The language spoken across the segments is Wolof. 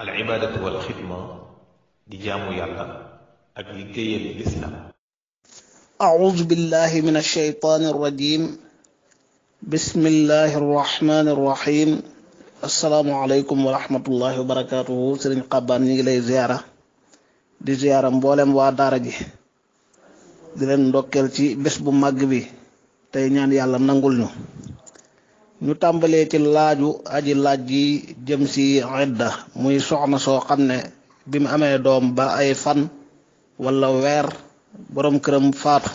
al ibaadatu wal xidma di jaamu yàlla ak liggéeyal lislaam audu billahi min alsheytaan alrajim bismillahi arrahmani arrahim assalaamu aleykum wa rahmatullahi wa barakatuhu sëriñ xabbaan ñi ngi lay ziyaara di ziyaara mboolem waa daara ji di leen ndokkeel ci bés bu màgg bi tey ñaan yàlla nangul ñu ñu tàmbalee ci laaju aji laaj gi jëm si idda muy soxna soo xam ne bi mu amee doom ba ay fan wala weer boroom këram faatu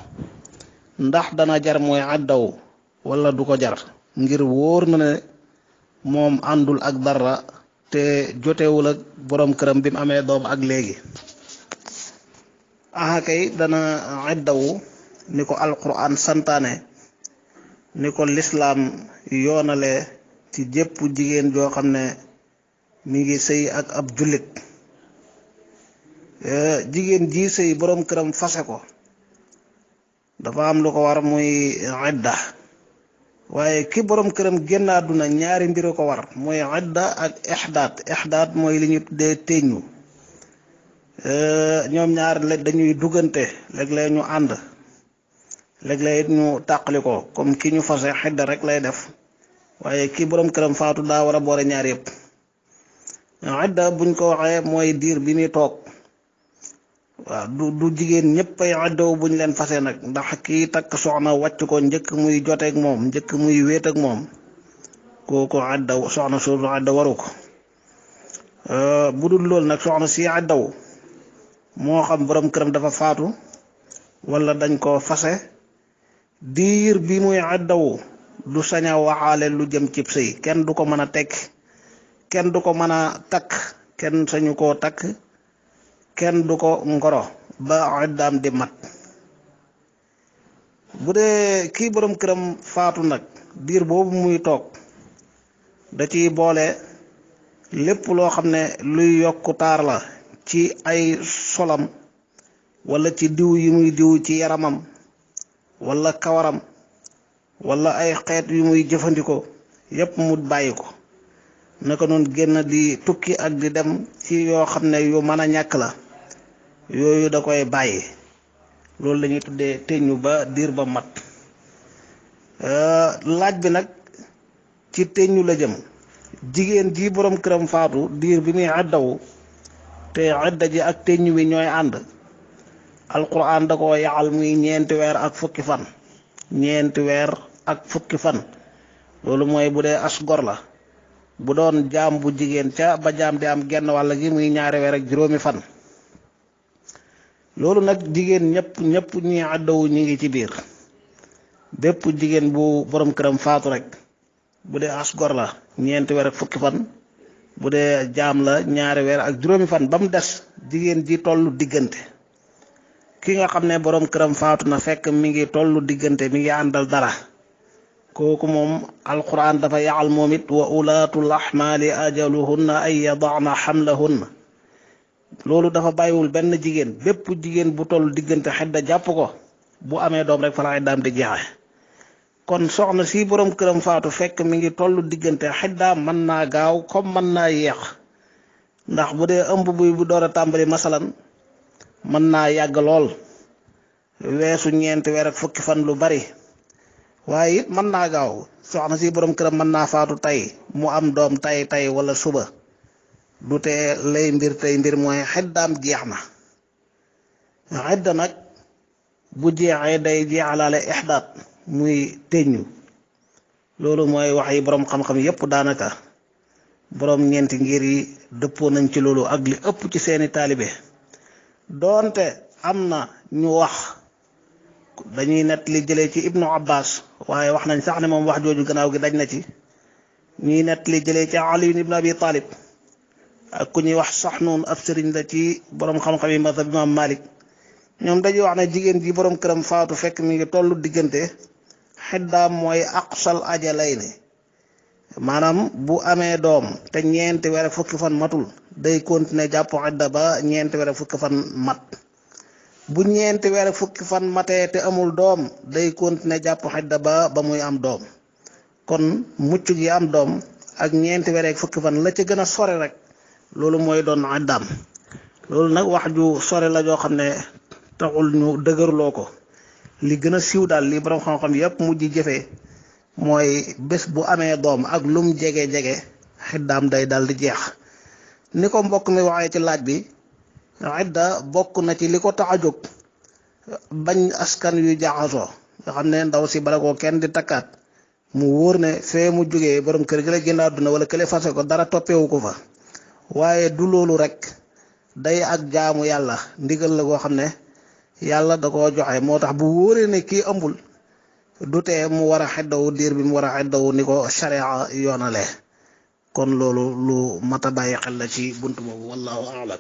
ndax dana jar mooy iddaw wala du ko jar ngir wóor na ne moom àndul ak dara te jotewul ak boroom këram bi mu amee doom ak léegi aha dana iddawu ni ko alquran santaane ni ko lislaam yoonale ci jëpp jigéen joo xam ne mu ngi sëy ak ab jullit eh, jigéen ji sëy boroom këram fase ko dafa am lu ko war muy idda waaye ki boroom këram génn àdduna ñaari mbir ko war mooy idda ak ixdaat ixdaat mooy li ñu dee teñu eh, ñoom ñaar dañuy duggante léeg-léeg ñu ànd léeg-léeg it ñu tàqali ko comme ki ñu fase xidda rek lay def waaye kii boroom këram faatu daa war a boole ñaar yëpp xidda buñ ko waxee mooy diir bi muy toog waaw du du jigéen ñëpp ay xiddaw buñ leen fase nag ndax kii takk soxna wàcc ko njëkk muy joteeg moom njëkk muy wéet ak moom kooku xidda soxna su xidda waru ko bu dul loolu nag soxna si xiddaw moo xam borom këram dafa faatu wala dañ koo fase diir bi muy àddawu du saña a waxaale lu jëm cib sëy kenn du ko mën a tekk kenn du ko mën a takk kenn sañu koo takk kenn du ko ngoro ba iddaam di mat bu dee kii borom këram faatu nag diir boobu muy toog da ci boole lépp loo xam ne luy yokku taar la ci ay solam wala ci diw yi muy diw ci yaramam wala kawaram wala ay xeet yu muy jëfandikoo yépp mu bàyyi ko naka noonu génn di tukki ak di dem ci yoo xam ne yu mën a ñàkk la yooyu da koy bàyyi loolu lañuy tuddee teñu ba diir ba mat euh, laaj bi nag ci teñu la jëm jigéen ji boroom këram faatu diir bi muy addawu te adda ak teñu bi ñooy ànd alquran da koo yaxal muy ñeenti weer ak fukki fan ñeenti weer ak fukki fan loolu mooy bu dee as gor la bu doon jaam bu jigéen ca ba jaam di am genn wàll gi muy ñaari weer ak juróomi fan loolu nag jigéen ñëpp ñëpp ñi àddawu ñi ngi ci biir bépp jigéen bu borom këram faatu rek bu dee as la ñeenti weer fukki fan bu dee jaam la ñaari weer ak juróomi fan ba mu des jigéen ji tollu diggante. ki nga xam ne boroom këram faatu na fekk mi ngi tollu diggante mi ngi àndal dara kooku moom alquran dafa yaxal moom it wa ulaatul axmaali na ay yadana xamlahunna loolu dafa baywul benn jigéen bépp jigéen bu toll diggante xedda jàpp ko bu amee doom rek fala xeddaam di jeexe kon soxna si boroom këram faatu fekk mi ngi toll diggante xeddaam mën naa gaaw comme man naa yéex ndax bu dee ëmb buy bu door tàmbali masalan mën naa yàgg lool weesu ñeenti weer ak fukki fan lu bari waaye it mën naa gaaw soxna si boroom këram mën naa faatu tey mu am doom tey tay wala suba du tee lay mbir tey mbir mooy xeddaam jeex na xedda nag bu jeexee day jeexalaale ixdaat muy teñu loolu mooy wax yi boroom xam-xam yépp daanaka borom ñeenti ngir yi dëppoo nañ ci loolu ak li ëpp ci seeni taalibe doonte am na ñu wax dañuy nettali jëlee ci ibnu abbas waaye wax nañ sax ne moom wax jooju gannaaw gi dañ na ci ñuy nettali jëlee ci ali ibn abi talib ak ku ñuy wax sax noonu ab sëriñ la ci borom xam-xam yi mazhab imam malik ñoom dañuy wax na jigéen ji borom këram faatu fekk mi ngi tollu diggante xiddaam mooy aqsal lay ne maanaam bu amee doom te ñeenti weer fukki fan matul day continuer jàpp idda ba ñeenti weer fukki fan mat bu ñeenti weer fukki fan matee te amul doom day continuer jàpp idda ba ba muy am doom kon mucc gi am doom ak ñeenti weer fukki fan la ci gën a sore rek loolu mooy doon iddaam loolu nag wax ju sore la joo xam ne taxul ñu dëgëruloo ko li gën a siiw daal li borom xam-xam yépp mujj jëfee. mooy bés bu amee doom ak lum jege-jege xiddaam day dal di jeex ni ko mbokk mi waxee ci laaj bi xidda bokk na ci li ko tax a jóg bañ askan yu jaxasoo nga xam ne ndaw si bala koo kenn di takkaat mu wóor ne fee mu jógee borom kër gi la génn àdduna wala kële fase ko dara toppewu ko fa waaye du loolu rek day ak jaamu yàlla ndigal la koo xam ne yàlla da ko joxe moo tax bu wóoree ne kii ëmbul du mu war a xeddawu diir bi mu war a xeddawu ni ko sharia yoonale kon loolu lu mata bàyyi xel la ci bunt boobu wallahu aalam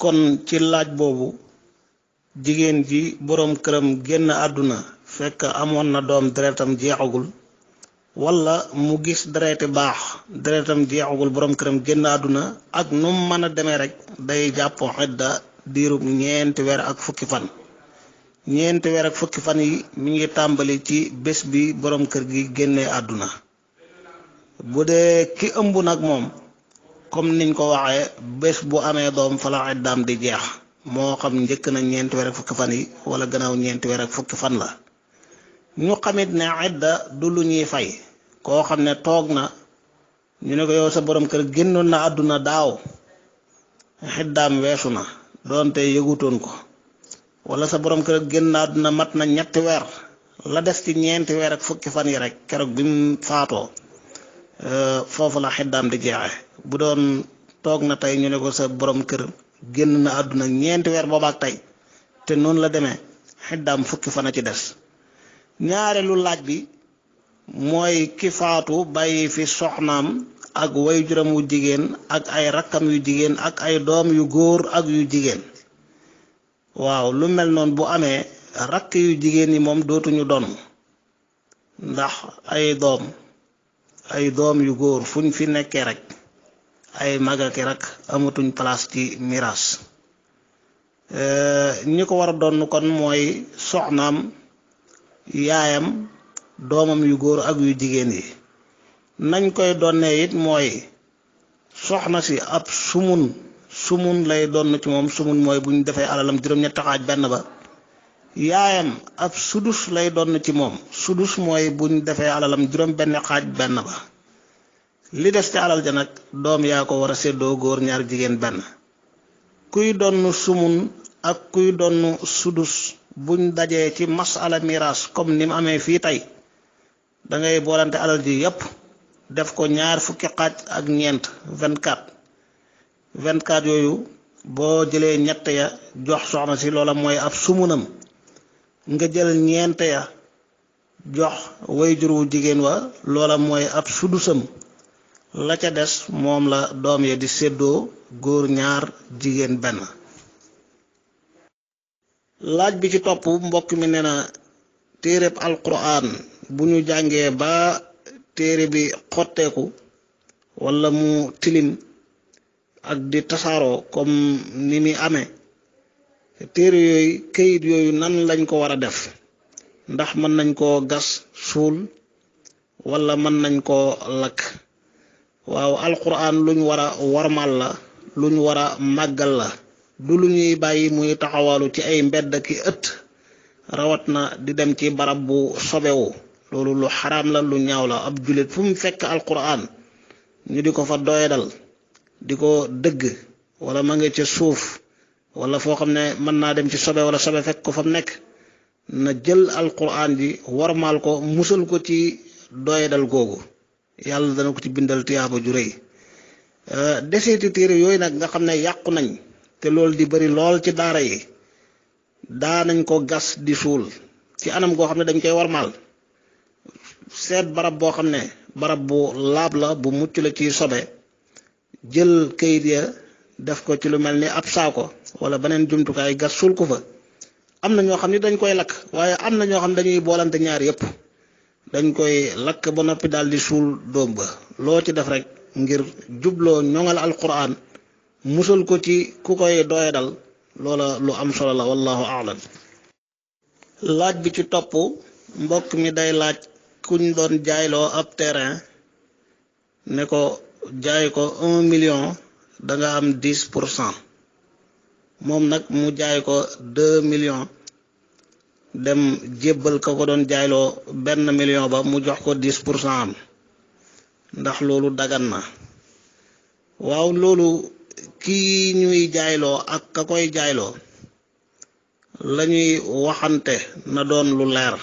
kon ci laaj boobu jigéen ji boroom këram génn àdduna fekk amoon na doom deretam jeexagul walla mu gis dereti baax deretam jeexagul boroom këram génn àdduna ak nu mu mën a demee rek day jàppoo xedda diirub ñeenti wer ak fukki fan ñeenti weer fukki fan yi mi ngi tàmbali ci bés bi boroom kër gi génne àdduna bu dee ki ëmb nag moom comme niñ ko waxee bés bu amee doom fala iddaam di jeex moo xam njëkk na ñeenti weer ak fukki fan yi wala gannaaw ñeenti weer ak fukki fan la ñu xamit ne idda du lu ñuy fay koo xam ne toog na ñu ne ko yow sa boroom kër génnoon na àdduna daaw xiddaam weesu na doonte yëgutoon ko wala sa borom kër génn àdduna mat na ñetti weer la des ci ñeenti weer ak fukki fan yi rek keroog bi mu faatoo euh, foofu la xiddaam di jeexe bu doon toog na tey ñu ne ko sa borom kër génn na àdduna ñeenti weer boobaak tey te noonu la demee xiddaam fukki fan a ci des ñaareelu laaj bi mooy ki faatu bàyyi fi soxnaam ak way juram wu jigéen ak ay rakkam yu jigéen ak ay doom yu góor ak yu jigéen waaw lu mel noonu bu amee rakk yu jigéen ñi moom dootuñu doon ndax ay doom ay doom yu góor fuñ fi nekkee rek ay magaki rek amatuñ place ci miraas eh, ñi ko war a doon kon mooy soxnaam yaayam doomam yu góor ak yu jigéen yi nañ koy donnee it mooy soxna si ab sumun sumun lay doon ci moom sumun mooy bu ñu defee alalam juróom-ñetti xaaj benn ba yaayam ab sudus lay doon ci moom sudus mooy bu defee alalam juróom-benn xaaj benn ba li des ci alal ja nag doom yaa ko war a séddoo góor ñaar jigéen benn kuy donn sumun ak kuy donn sudus buñ dajee ci masala miraas comme ni mu amee fii tey dangay ngay boolante alal ji yépp def ko ñaar fukki xaaj ak ñeent 24. vingt-quatre yooyu boo jëlee ñett ya jox soxna si loola mooy ab sumunam nga jël ñeent ya jox wayjur wu jigéen wa loola mooy ab sudusam la ca des moom la doom ya di séddoo góor ñaar jigéen benn laaj bi ci topp mbokk mi ne na téereb alquran bu ñu jàngee ba téere bi xotteeku walla mu tilim ak di tasaaroo comme ni muy amee téere yooyu këyit yooyu nan lañ ko war a def ndax mën nañ koo gas suul walla mën nañ koo lakk waaw alquran luñ war a warmal la luñ war a màggal la du lu ñuy bàyyi muy taxawaalu ci ay mbedd ki ëtt rawat na di dem ci barab bu sobewu loolu lu xaraam la lu ñaaw la ab jullit fu mu fekk alquran ñu di ko fa dal di ko dëgg wala ma nga ca suuf wala foo xam ne mën naa dem ci sobe wala sobe fekk ko fa mu nekk na jël alquran ji warmaal ko musal ko ci doyadal googu yàlla dana ko ci bindal tiyaaba ju rëy euh, deseeti téere yooyu nag nga xam ne yàqu nañ te loolu di bari lool ci daara yi daa nañ ko gas di suul ci anam goo xam ne dañ koy warmaal seet barab boo xam ne barab bu laab la bu mucc la ci sobe jël kayit ya def ko ci lu mel ni ab saako wala beneen jumtukaay gas suul ko fa am na ñoo xam ni dañ koy lakk waaye am na ñoo xam dañuy boolante ñaar yëpp dañ koy lakk ba noppi daal di suul doom ba loo ci def rek ngir jubloo ñoŋal alquran musal ko ci ku koy doye dal loola lu am solo la wallahu aalam laaj bi ci topp mbokk mi day laaj kuñ doon jaayloo ab terrain ne ko jaay ko un million danga nga am dix pour cent moom nag mu jaay ko deux millions dem jébbal ka ko doon jaayloo benn million ba mu jox ko dix pour cent am ndax loolu dagan na waaw loolu kii ñuy jaayloo ak ka koy jaayloo lañuy waxante na doon lu leer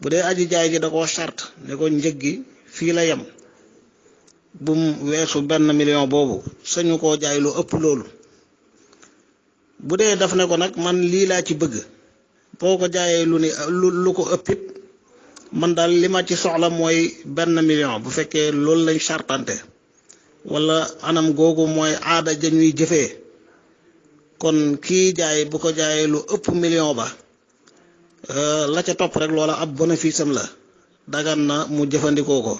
bu dee aji jaay ji da koo charte ne ko njëg gi fii la yem bu mu weesu benn million boobu sañu koo jaay lu ëpp loolu bu dee daf ne ko nag man lii laa ci bëgg boo ko jaayee lu ni lu ko ëppit man daal li ma ci soxla mooy benn million bu fekkee loolu lañ chartante walla anam googu mooy aada ja ñuy jëfee kon kii jaay bu ko jaayee lu ëpp million ba euh, la ca topp rekk loola ab bénéfice am la dagan na mu jëfandikoo ko.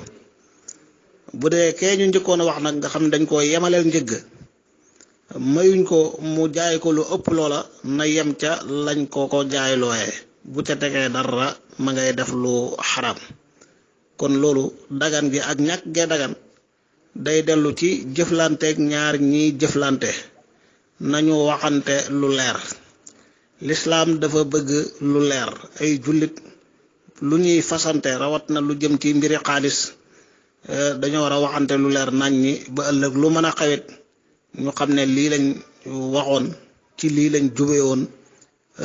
bu dee kee ñu njëkkoon wax nag nga xam ne dañ koo yemaleel njëgg mayuñ ko mu jaay ko lu ëpp loola na yem ca lañ ko ko jaay looyee bu ca tegee dara ma ngay def lu xaram kon loolu dagan gi ak ñàkk gee dagan day dellu ci jëflanteeg ñaar ñiy jëflante nañu waxante lu leer lislaam dafa bëgg lu leer ay jullit lu ñuy fasante rawat na lu jëm ci mbiri xaalis Eh, dañoo war a waxante lu leer nañ ñi ba ëllëg lu mën a xewit ñu xam ne lii lañ waxoon ci lii lañ jubee woon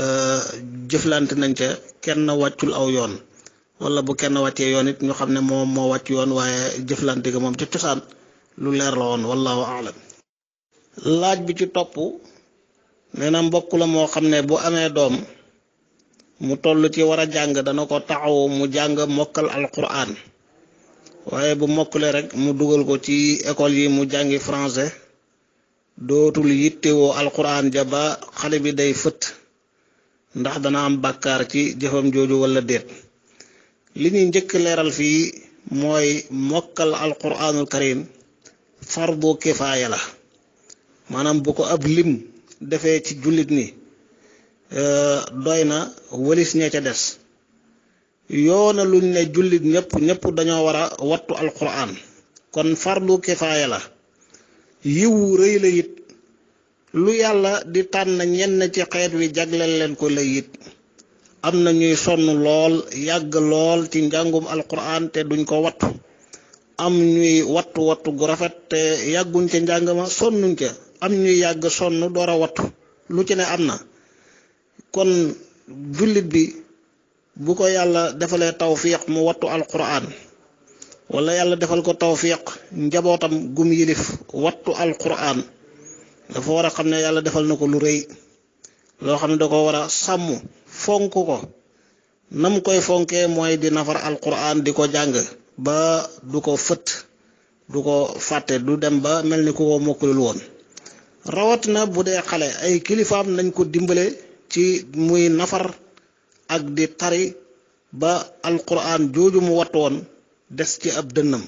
eh, jëflante nañ ca kenn wàccul aw yoon wala bu kenn wàccee yoon it ñu xam ne moom moo wàcc yoon waaye jëflante ga moom ci cosaan lu leer la woon wallahu aalam laaj bi ci topp nee mbokk la moo xam ne bu amee doom mu toll ci war a jàng dana ko taxaw mu jàng mokkal alquran waaye bu mokkule rek mu dugal ko ci école yi mu jàngi français dootul yittewoo alquran ja ba xale bi day fëtt ndax dana am bàkkaar ci jëfam jooju walla déet li ñuy njëkk leeral fii mooy mokkal alquranul karim fardu kifaaya la maanaam bu ko ab lim defee ci jullit ni euh, doy na walis ña ca des yoona luñ ne jullit ñëpp ñëpp dañoo war a wattu alquran kon fardu kifaaya la yiwu rëy la it lu yàlla di tànn ñenn ci xeet wi jagleel leen ko la it am na ñuy sonn lool yàgg lool ci njàngum alquran te duñ ko wattu am ñuy wattu wattu gu rafet te yàgguñ ca njàng ma sonnuñ ca am ñuy yàgg sonn door a wattu lu ci ne am na kon jullit bi bu ko yàlla defalee tawfiq mu wattu alquran wala yàlla defal ko tawfiq njabootam gum yilif wattu alquran dafa war a xam ne yàlla defal na ko lu rëy loo xam ne da ko war a sàmm fonk ko nam koy fonkee mooy di nafar alquran di ko jàng ba du ko fët du ko fàtte du dem ba mel ni ku ko mokkalul woon rawatina bu dee xale ay kilifaam nañ ko dimbale ci muy nafar ak di tari ba alquran jooju mu wattu woon des ci ab dënnam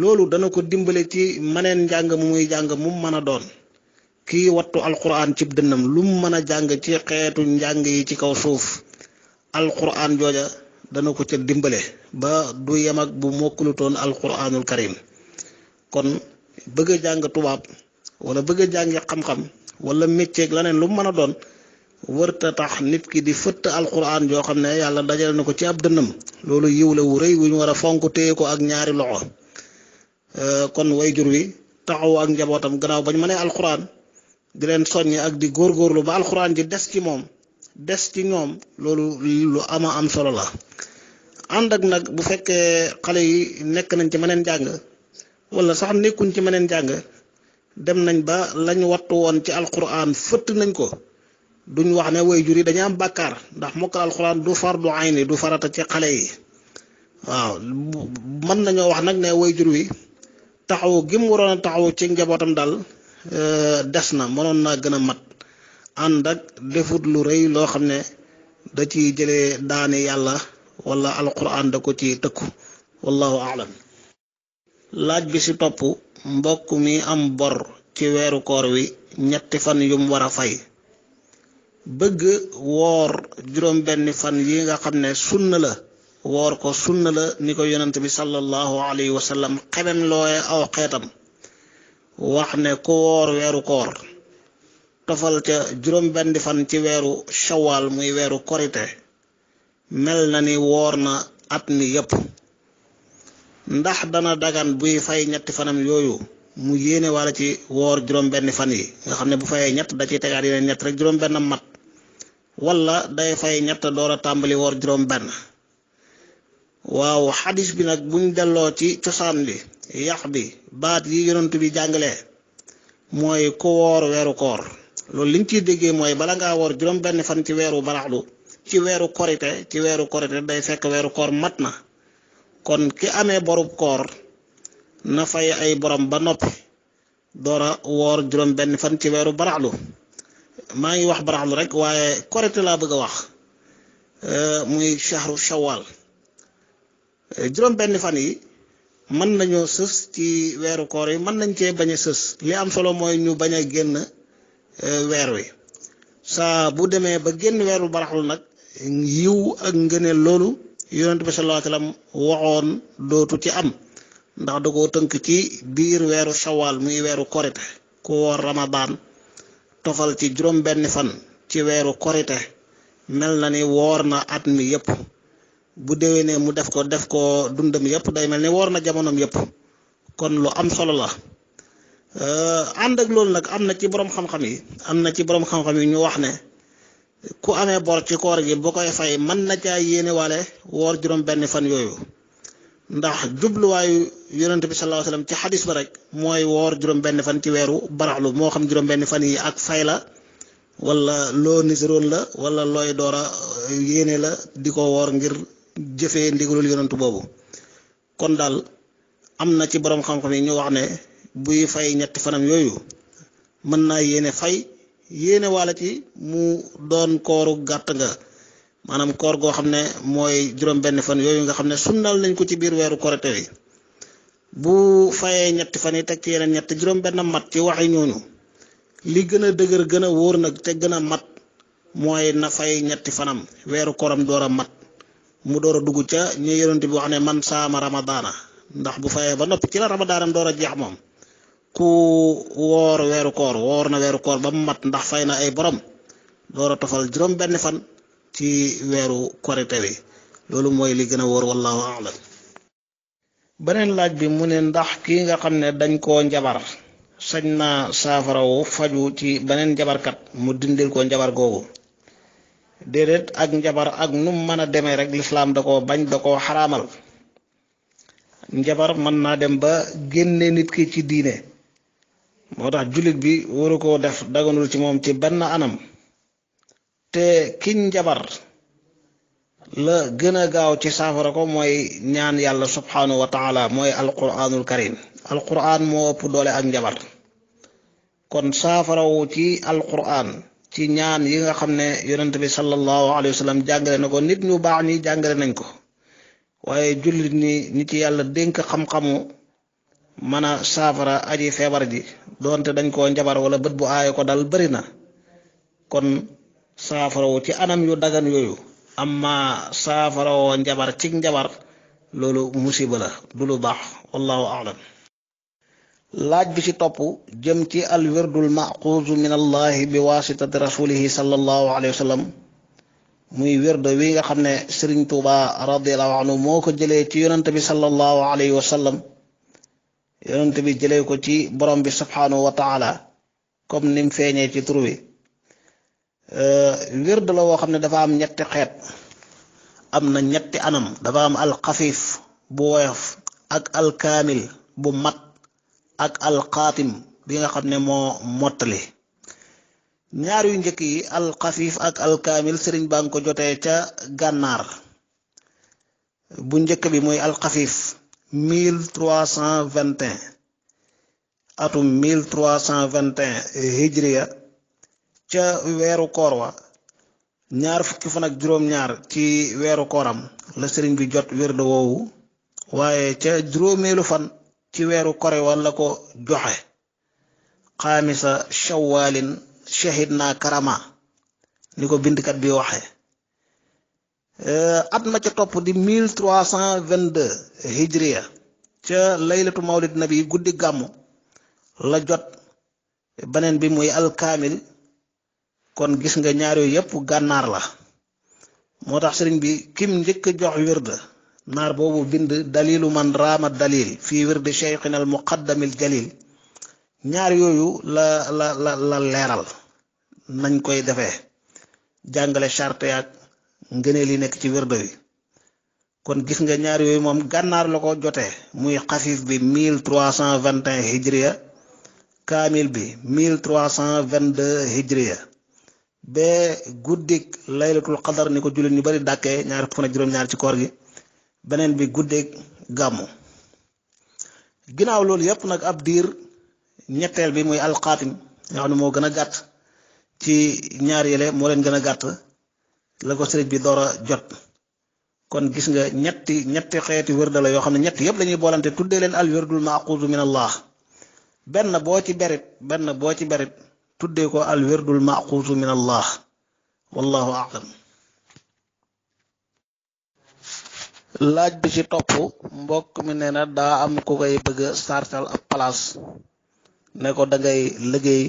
loolu dana ko dimbale ci maneen njàng mu muy jàng mu mën a doon kii wattu alquran cib dënnam lu mu mën a jàng ci xeetu njàng yi ci kaw suuf alquran jooja dana ko ca dimbale ba du yem ak bu mokkulutoon alquranul karim kon bëgg a jàng tubaab wala bëgg a jàngi xam-xam wala métier ak leneen lu mu mën a doon wërta tax nit ki di fëtt alquran joo xam ne yàlla dajale na ko ci ab dënnam loolu yiw la wu rëy wu ñu war a fonk téye ko ak ñaari loxo euh, kon wayjur wi taxaw ak njabootam gannaaw bañ mënee alquran di leen soññi ak di góorgóorlu ba alquran ji des ci moom des ci ñoom loolu lu ama am solo la ànd ak nag bu fekkee xale yi nekk nañ ci meneen jàng wala sax nekkuñ ci meneen jàng dem nañ ba lañ wattu woon ci alquran fëtt nañ ko. duñ wax ne way jur yi dañu am bàkkaar ndax mokkal alxuraan du fardu ayni du farata ci xale yi waaw mën nañoo wax nag ne way jur wi taxaw gim waroon a taxaw ci njabootam daal euh, des na mënoon naa gën a mat ànd ak defut lu rëy loo xam ne da ci jële daani yàlla walla alxuraan da ko ci tëkku wallahu aalam laaj bi ci topp mbokk mi am bor ci weeru koor wi ñetti fan yum war a fay bëgg woor juróom-benni fan yi nga xam ne sunna la woor ko sunna la ni ko yonent bi sallallahu alayhi wa sallam xemem looye aw xeetam wax ne ku woor weeru koor tofal ca juróom-benni fan ci weeru shawaal muy weeru korite mel na ni woor na at mi yépp ndax dana dagan buy fay ñetti fanam yooyu mu yéene wala ci woor juróom-benni fan yi nga xam ne bu fayee ñett da ciy tegaat yeneen ñett rek juróom-bennam mat wala day fay ñett door a tàmbali woor juróom benn waaw xadis bi nag buñ delloo ci cosaan bi yax bi baat yi yonent bi jàngale mooy ku woor weeru koor loolu liñ ciy déggee mooy bala ngaa woor juróom benn fan ci weeru baraxlu ci weeru korite ci weeru korite day fekk weeru koor mat na kon ki amee borub koor na fay ay boroom ba noppi door a woor juróom benn fan ci weeru baraxlu maa ngi wax baraxlu rek waaye korite laa bëgg a wax euh, muy shahru shawal euh, juróom benn fan yi mën nañoo sës ci weeru koor yi mën nañ cee bañ a sës li am solo mooy ñu bañ a génn euh, weer wi saa bu demee ba génn weeru baraxlu nag yiw ak ngëneel loolu yonent bi sallallahu alayhi waxoon dootu ci am ndax da koo tënk ci biir weeru shawal muy weeru korite ku woor ramadaan tofal ci juróom benn fan ci weeru korite mel na ni woor na at mi yépp bu dewee ne mu def ko def ko dundam yépp day mel ni woor na jamonom yépp kon lu am solo la euh, ànd ak loolu nag am na ci boroom xam-xam yi am na ci boroom xam-xam yi ñu wax ne ku amee bor ci koor gi bu koy fay man na caa yéene waale woor juróom benn fan yooyu ndax jubluwaayu yonent bi sallallahu alayhi wasallam ci xadis ba rek mooy woor juróom-benn fan ci weeru baraxlu moo xam juróom-benn fan yi ak fay la wala loo nisiroon la wala looy doora a euh, yéene la di ko woor ngir jëfee ndigalul yonentu boobu kon daal am na ci boroom xam-xam yi ñu wax ne buy fay ñetti fanam yooyu mën naa yéene fay yéene wala ci mu doon kooru gàtt nga maanaam koor goo xam ne mooy juróom-benn fan yooyu nga xam ne sunnal nañ ko ci biir weeru korite wi bu fayee ñetti fan yi teg ci yeneen ñett juróom-benn mat ci waxi ñooñu li gën a dëgër gën a wóor nag te gën a mat mooy na fay ñetti fanam weeru koram door a mat mu door a dugg ca ñu ti bi wax ne man saama ramadaana ndax bu fayee ba noppi ci la ramadaanam door a jeex moom ku woor weeru koor woor na weeru koor ba mu mat ndax fay na ay borom door a tofal juróom-benn fan. ci weeru korite bi loolu mooy li gën a wóor wallahu alam beneen laaj bi mu ne ndax kii nga xam ne dañ koo njabar sañ naa saafarawu faju ci beneen njabarkat mu dindil ko njabar googu déedéet ak njabar ak nu mën a demee rek lislaam da koo bañ da koo xaraamal njabar mën naa dem ba génne nit ki ci diine moo tax jullit bi waru koo def daganul ci moom ci benn anam te ki njabar la gën a gaaw ci saafara ko mooy ñaan yàlla subhaanahu wa taala mooy alquranul karim alquran moo ëpp doole ak njabar kon saafarawu ci alquran ci ñaan yi nga xam ne yonent bi sallallahu alayhi wa sallam jàngale na ko nit ñu baax ñi jàngale nañ ko waaye jullit ñi ñi ci yàlla dénk xam-xamu mën saafara aji feebar ji doonte dañ koo njabar wala bët bu aaye ko dal bari na kon saafarawu ci anam yu dagan yooyu amma saafarawoo njabar cig njabar loolu musiba la du lu baax wallahu aalam laaj bi ci topp jëm ci alwirdul maxuusu min allahi bi waasitati rasulihi sallallahu alayhi wa muy wirdo wi nga xam ne sëriñ tuuba radiallahu anhu moo ko jëlee ci yonent bi sallallahu alayhi wa sallam bi jëlee ko ci borom bi subhanahu wa kom nim feeñee ci tur Euh, wird la woo xam ne dafa am ñetti xeet am na ñetti anam dafa am alxafiif bu woyof ak alkaamil bu mat ak alxaatim bi nga xam ne moo mottali ñaar yu njëkk yi alxafiif ak alkaamil sëriñ baa ngi ko jotee ca gànnaar bu njëkk bi mooy alxafiif 1321 atum 1321 hijriya ca weeru koor wa ñaar fukki fan juróom-ñaar ci weeru kooram la sëriñ bi jot wérde woowu waaye ca juróomeelu fan ci weeru kore wa la ko joxe xaamisa shawaalin shahid naa karama ni ko bindkat bi waxe at ma ca topp di 1322 hijriya ca laylatu mawlid nabi guddi gàmmu la jot beneen bi muy alkaamil kon gis nga ñaar yooyu yëpp gànnaar la moo tax sëriñ bi kim njëkk a jox wirda naar boobu bind dalilu man raama dalil fii wirdi cheikhina al muqaddamil jalil ñaar yooyu la la la leeral nañ koy defee jàngale charte ak ngëneel yi nekk ci wirda wi kon gis nga ñaar yooyu moom gànnaar la ko jotee muy xafif bi 1321 hijriya kaamil bi 1322 hijriya ba guddik laylatul qadar ni ko jullit ñu bari dàkkee ñaari fukk ak juróom-ñaar ci koor gi beneen bi guddik gàmmu ginnaaw loolu yëpp nag ab diir ñetteel bi muy alxaatim nga xam ne moo gën a gàtt ci ñaari yële moo leen gën a gàtt la ko sëriñ bi door a jot kon gis nga ñetti ñetti xeeti wërda dala yoo xam ne ñett yëpp la ñuy boolante tuddee leen al wërdul maaquudu min allah benn boo ci berit benn boo ci berit tuddee ko al wirdul maxuusu min wallahu aalam laaj bi ci topp mbokk mi nee na daa am ko koy bëgga sartal ab palaas ne ko dangay liggéey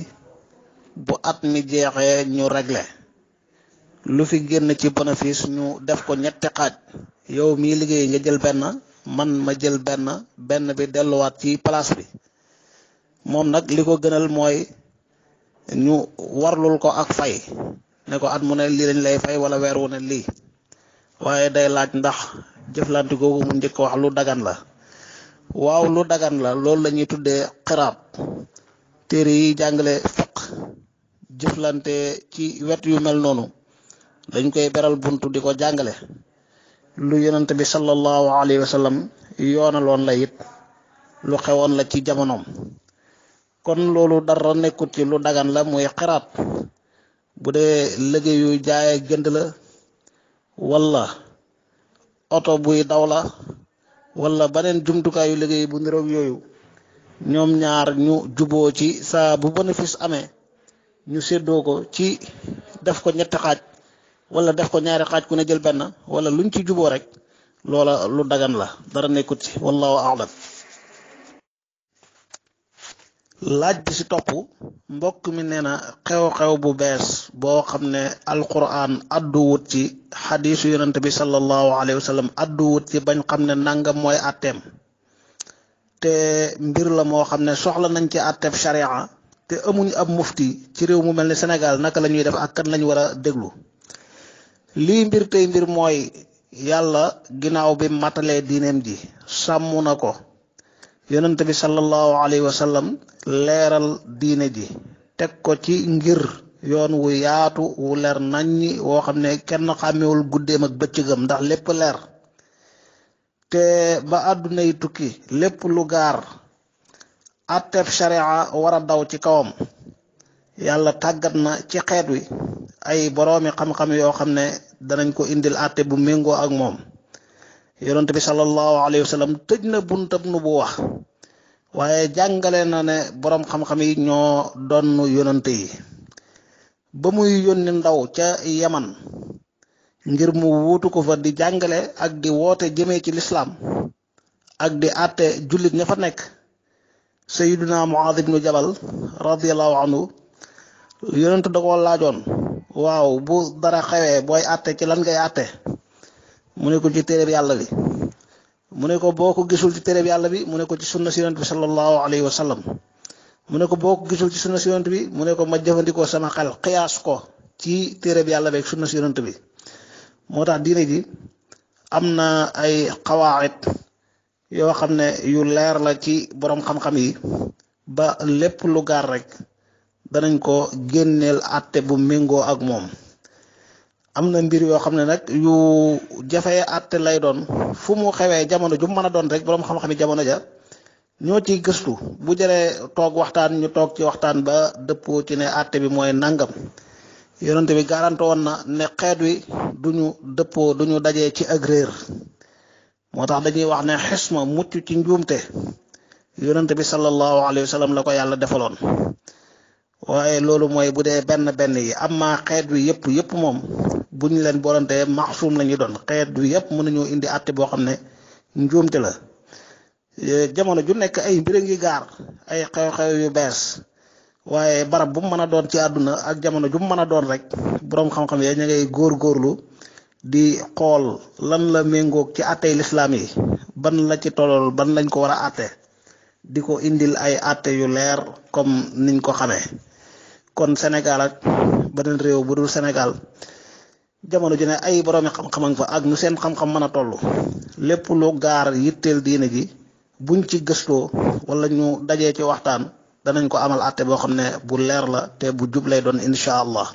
bu at mi jeexee ñu regle lu fi génn ci bénéfice ñu def ko ñetti xaaj yow mii liggéey nga jël benn man ma jël benn benn bi delluwaat ci place bi moom nag li ko gënal mooy ñu warlul ko ak fay ne ko at mu ne lii lañ lay fay wala weer wu ne lii waaye day laaj ndax jëflante kooku mu njëkk wax lu dagan la waaw lu dagan la loolu la tuddee xiraab téere yi jàngale fiq jëflante ci wet yu mel noonu dañ koy beral buntu di ko jàngale lu yonent bi sallallahu alayhi wa sallam yoonaloon la lu xewoon la ci jamonoom kon loolu dara nekkut ci lu dagan la muy xiraat bu dee liggéeyu jaay ak jënd la wala oto buy daw la walla beneen jumtukaayu liggéey bu niroog yooyu ñoom ñaar ñu juboo ci saa bu bénéfice amee ñu seddoo ko ci def ko ñetti xaaj walla def ko ñaari xaaj ku ne jël benn wala luñ ci juboo rek loola lu dagan la dara nekkut ci wallahu a'lam laaj bi ci topp mbokk mi nee na xew-xew bu bees boo xam ne alquran addu wut ci xadiisu yonent bi sallallahu alayhi wa sallam addu wut ci bañ xam ne nangam mooy atteem te mbir la moo xam ne soxla nañ ci atteem sharia te amuñu ab mufti ci réew mu mel ni senegal naka lañuy ñuy def ak kan lañ war a déglu lii mbir tey mbir mooy yàlla ginnaaw bi matalee diineem ji sàmm na ko yonent bi sallallahu alayhi wa leeral diine ji teg ko ci ngir yoon wu yaatu wu leer naññi woo xam ne kenn xàmmewul guddeem ak bëccëgam ndax lépp leer te ba àdduna yi tukki lépp lu gaar àtteeb sharia war a daw ci kawam yàlla tàggat na ci xeet wi ay boroomi xam-xam yoo xam ne danañ ko indil àtte bu méngoo ak moom yonent bi sallallahu alayhi wa sallam tëj na buntab nu bu wax waaye jàngale na ne boroom xam-xam yi ñoo donn yonent yi ba muy yónni ndaw ca yaman ngir mu wuutu ko fa di jàngale ak di woote jëmee ci lislaam ak di àtte jullit ña fa nekk sayiduna muaad ibnu jabal radiallahu anhu yonent da ko laajoon waaw bu dara xewee booy àtte ci lan ngay àtte mu ne ko ci yàlla bi mu ne ko boo ko gisul ci téereb yàlla bi mu ne ko ci sunna si yonent bi sallallahu alayhi wa sallam mu ne ko boo ko gisul ci sunna si bi mu ne ko ma jëfandikoo sama xel xiyaas ko ci téereb yàlla bi ak sunna si yonent bi moo tax diine ji am na ay xawaayit yoo xam ne yu leer la ci boroom xam-xam yi ba lépp lu gaar rek danañ ko génneel àtte bu méngoo ak moom am na mbir yoo xam ne nag yu jafee àtte lay doon fu mu xewee jamono ju mën a doon rek boroom xam-xam jamono ja ñoo ci gëstu bu jëree toog waxtaan ñu toog ci waxtaan ba dëppoo ci ne àtte bi mooy nangam yonente bi garanto woon na ne xeet wi du dëppoo du ñu dajee ci ak moo tax dañuy wax ne xisma mucc ci njuumte yonente bi sallallahu alayhi wa sallam la ko yàlla defaloon waaye loolu mooy bu dee benn benn yi am maa xeet wi yëpp yëpp moom bu ñu leen boolante maxsuum la ñu doon xeet wi yëpp mën nañoo indi àtte boo xam ne njuumte la jamono ju nekk ay mbir ngi gaar ay xew yu bees waaye barab bu mu mën a doon ci àdduna ak jamono ju mën a doon rek boroom xam-xam yee ñu ngay góor-góorlu di xool lan la méngoog ci àttey lislaam yi ban la ci tolol ban lañ ko war a àtte di ko indil ay àtte yu leer comme niñ ko xamee kon Sénégal ak beneen réew bu dul senegal jamono ji ne ay boroomi xam-xam fa ak ñu seen xam-xam mën a toll lépp lu gaar yitteel diine ji buñ ci gëstoo wala ñu dajee ci waxtaan danañ ko amal àtte boo xam ne bu leer la te bu jub lay doon incha allah.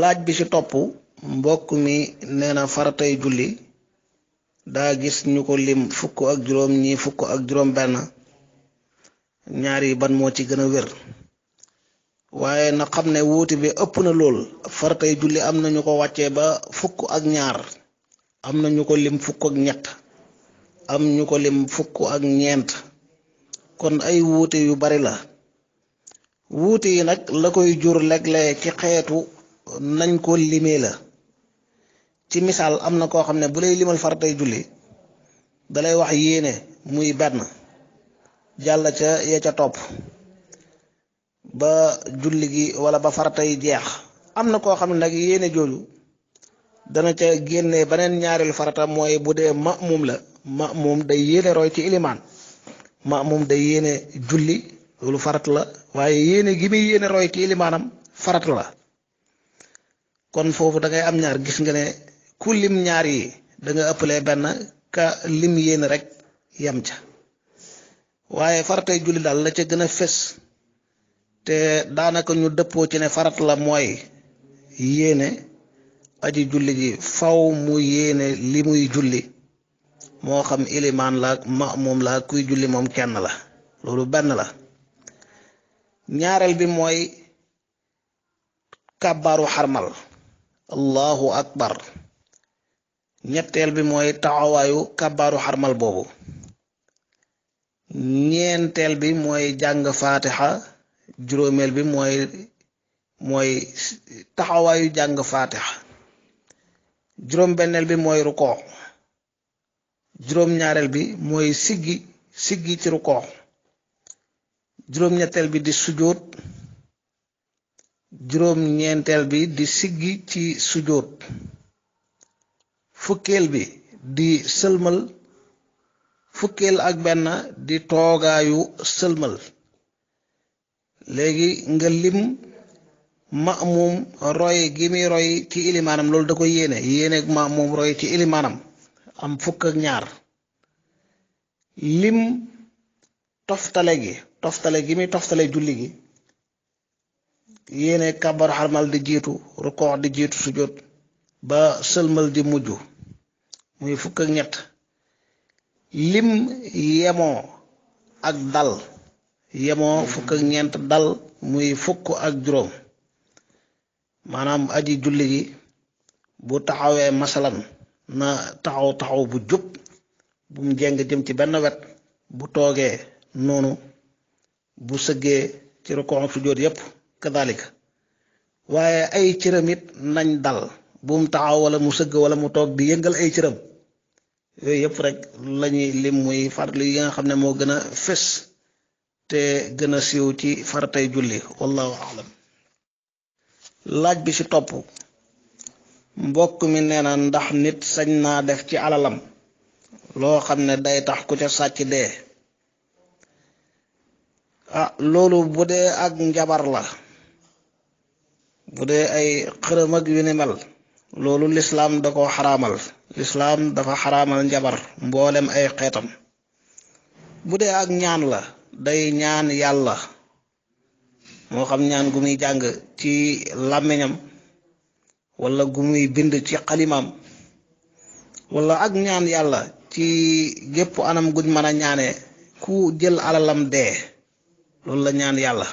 laaj bi ci topp mbokk mi nee na faratay julli daa gis ñu ko lim fukk ak juróom ñi fukk ak juróom benn ñaar yi ban moo ci gën a wér. waaye na xam ne wuute bi ëpp na lool faratay julli am na ñu ko wàccee ba fukk ak ñaar am na ñu ko lim fukk ak ñett ko lim fukk ak ñeent kon ay wuute yu bari la wuute yi nag la koy jur léeg-léeg ci xeetu nañ ko limee la ci misaal am na koo xam ne bu lay limal faratay julli dalay wax yéene muy benn jàll ca ya ca topp ba julli gi wala ba farata yi jeex am na koo xam ne nag yéene jooju dana ca génne beneen ñaareelu farata mooy bu dee ma'muum la ma'muum day yéene roy ci ilimaan ma'muum day yéene julli loolu farata la waaye yéene gi muy yéene roy ci ilimaanam farata la kon foofu dangay am ñaar gis nga ne ku lim ñaar yi da nga benn ka lim yéene rek yem ca waaye faratay julli daal la ca gën a fés. te daanaka ñu dëppoo ci ne farat la mooy yéene aji julli ji faw mu yéene li muy julli moo xam ilimaan la maamum la kuy julli moom kenn la loolu benn la ñaareel bi mooy kàbbaaru xarmal allahu akbar ñetteel bi mooy taxawaayu kàbbaaru xarmal boobu ñeenteel bi mooy jàng faatixa juróomeel bi mooy mooy taxawaayu jàng faatixa juróom benneel bi mooy ruko juróom ñaareel bi mooy siggi siggi ci ruko juróom ñetteel bi di sujoot juróom ñeenteel bi di siggi ci sujoot fukkeel bi di sëlmal fukkeel ak benn di toogaayu sëlmal léegi nga lim maamum roy gi muy roy ci ilimaanam loolu da ko yéene yéene maamum roy ci ilimaanam am fukk ak ñaar lim toftale gi toftale gi muy toftale julli gi yéene kabar xarmal di jiitu rukkoox di jiitu sujjóot ba sëlmal di mujj muy fukk ak ñett lim yemoo ak dal yemoo fukk ak dal muy fukk ak juróom maanaam aji julli gi bu taxawee masalan na taxaw taxaw bu jub bu mu jeng jëm ci benn wet bu toogee noonu bu sëggee ci rukoo ak sujjóot yépp kadalika waaye ay cëram it nañ dal bu taxaw wala mu sëgg wala mu toog di yëngal ay cëram yooyu yëpp rek lañuy lim muy farlu yi nga xam ne moo gën a fës gën a siiw ci faratay julli laaj bi ci topp mbokk mi nee na ndax nit sañ naa def ci alalam loo xam ne day tax ku ca sàcc dee a ah, loolu bu dee ak njabar la bu dee ay xërëm ak loolu lislaam da ko xaraamal lislaam dafa xaraamal njabar mboolem ay xeetam bu dee ak ñaan la day ñaan yàlla moo xam ñaan gu muy jàng ci làmmiñam wala gu muy bind ci xalimaam wala ak ñaan yàlla ci gépp anam guñ mën a ñaane ku jël alalam dee loolu la ñaan yàlla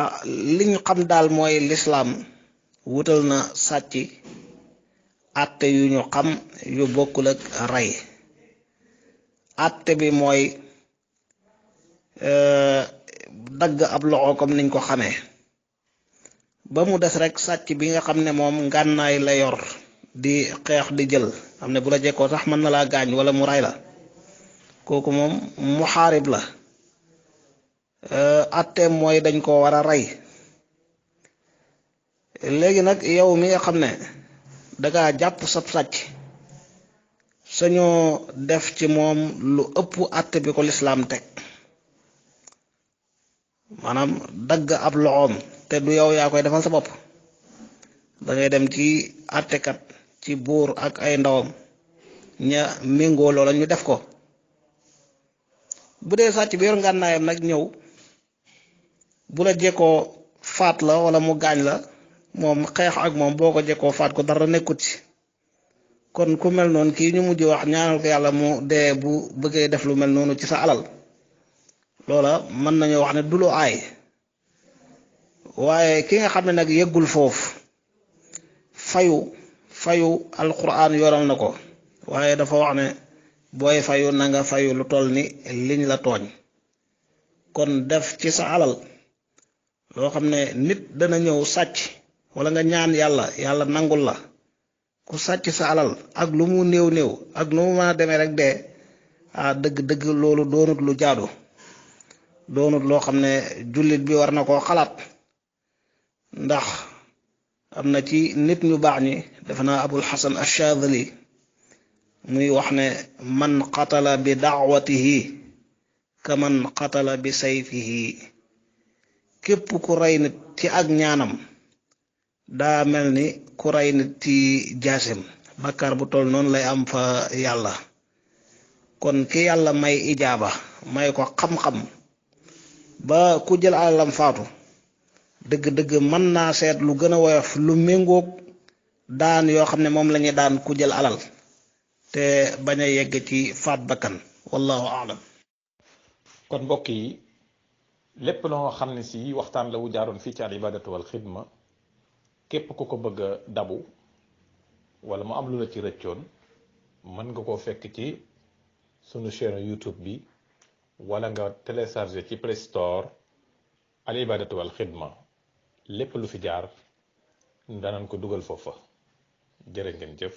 ah li ñu xam daal mooy lislaam wutal na sàcc àtte yu ñu xam yu bokkul ak rey àtte bi mooy Euh, dagg ab loxo comme niñ ko xamee ba mu des rek sàcc bi nga xam ne moom ngànnaay la yor di xeex di jël xam ne bu la jekkoo sax mën na laa gaañ wala mu ray la kooku moom mu la euh, atteem mooy dañ ko war a rey léegi nag yow mi nga xam ne dangaa jàpp sab sàcc sañoo def ci moom lu ëpp àtte bi ko lislaam teg maanaam dagg ab loxoom te du yow yaa koy defal sa bopp da dem ci àttekat ci buur ak ay ndawam ña méngoo loola ñu def ko bu dee sàcc bi yor ngànnaayam nag ñëw bu la jekkoo faat la wala mu gaañ la moom xeex ak moom boo ko jekkoo faat ko dara nekkut ci kon ku mel noonu kii ñu mujj wax ñaanal ko yàlla mu dee bu bëggee def lu mel noonu ci sa alal loola mën nañu wax ne du lu aay waaye ki nga xam ne nag yëggul foofu fayu fayu alquran yoral na ko waaye dafa wax ne booy fayu nanga nga lu toll ni liñ la tooñ kon def ci sa alal loo xam ne nit dana ñëw sàcc wala nga ñaan yàlla yàlla nangul la ku sàcc sa alal ak lu mu néew néew ak nu mu mën a demee rek de ah, dëgg dëgg loolu doonut lu jaadu doonut loo xam ne julit bi war na koo xalaat ndax am na ci nit ñu baax ñi defe naa abul xasan ash muy wax ne man qatala bi da'watihi ka man qatala bi sayfihi képp ku rey nit ci ak ñaanam daa mel ni ku rey nit ci jaasim bakkaar bu toll noonu lay am fa yàlla kon ki yàlla may ijaaba may ko xam-xam ba ku jël alalam faatu dëgg-dëgg mën naa seet lu gën a woyof lu méngoog daan yoo xam ne moom lañuy daan ku jël alal te bañ a yegg ci faat bakkan wallahu aalam kon mbokk yi lépp loo xam ne si waxtaan la wu jaaroon fii ci al ibadatu wal xidma képp ku ko bëgg a dabu wala mu am lu la ci rëccoon mën nga koo fekk ci sunu chaîne YouTube bi wala nga télécharger ci Play Store al ibadatu wal xidma lépp lu fi jaar danañ ko dugal foofa jërë ngeen jëf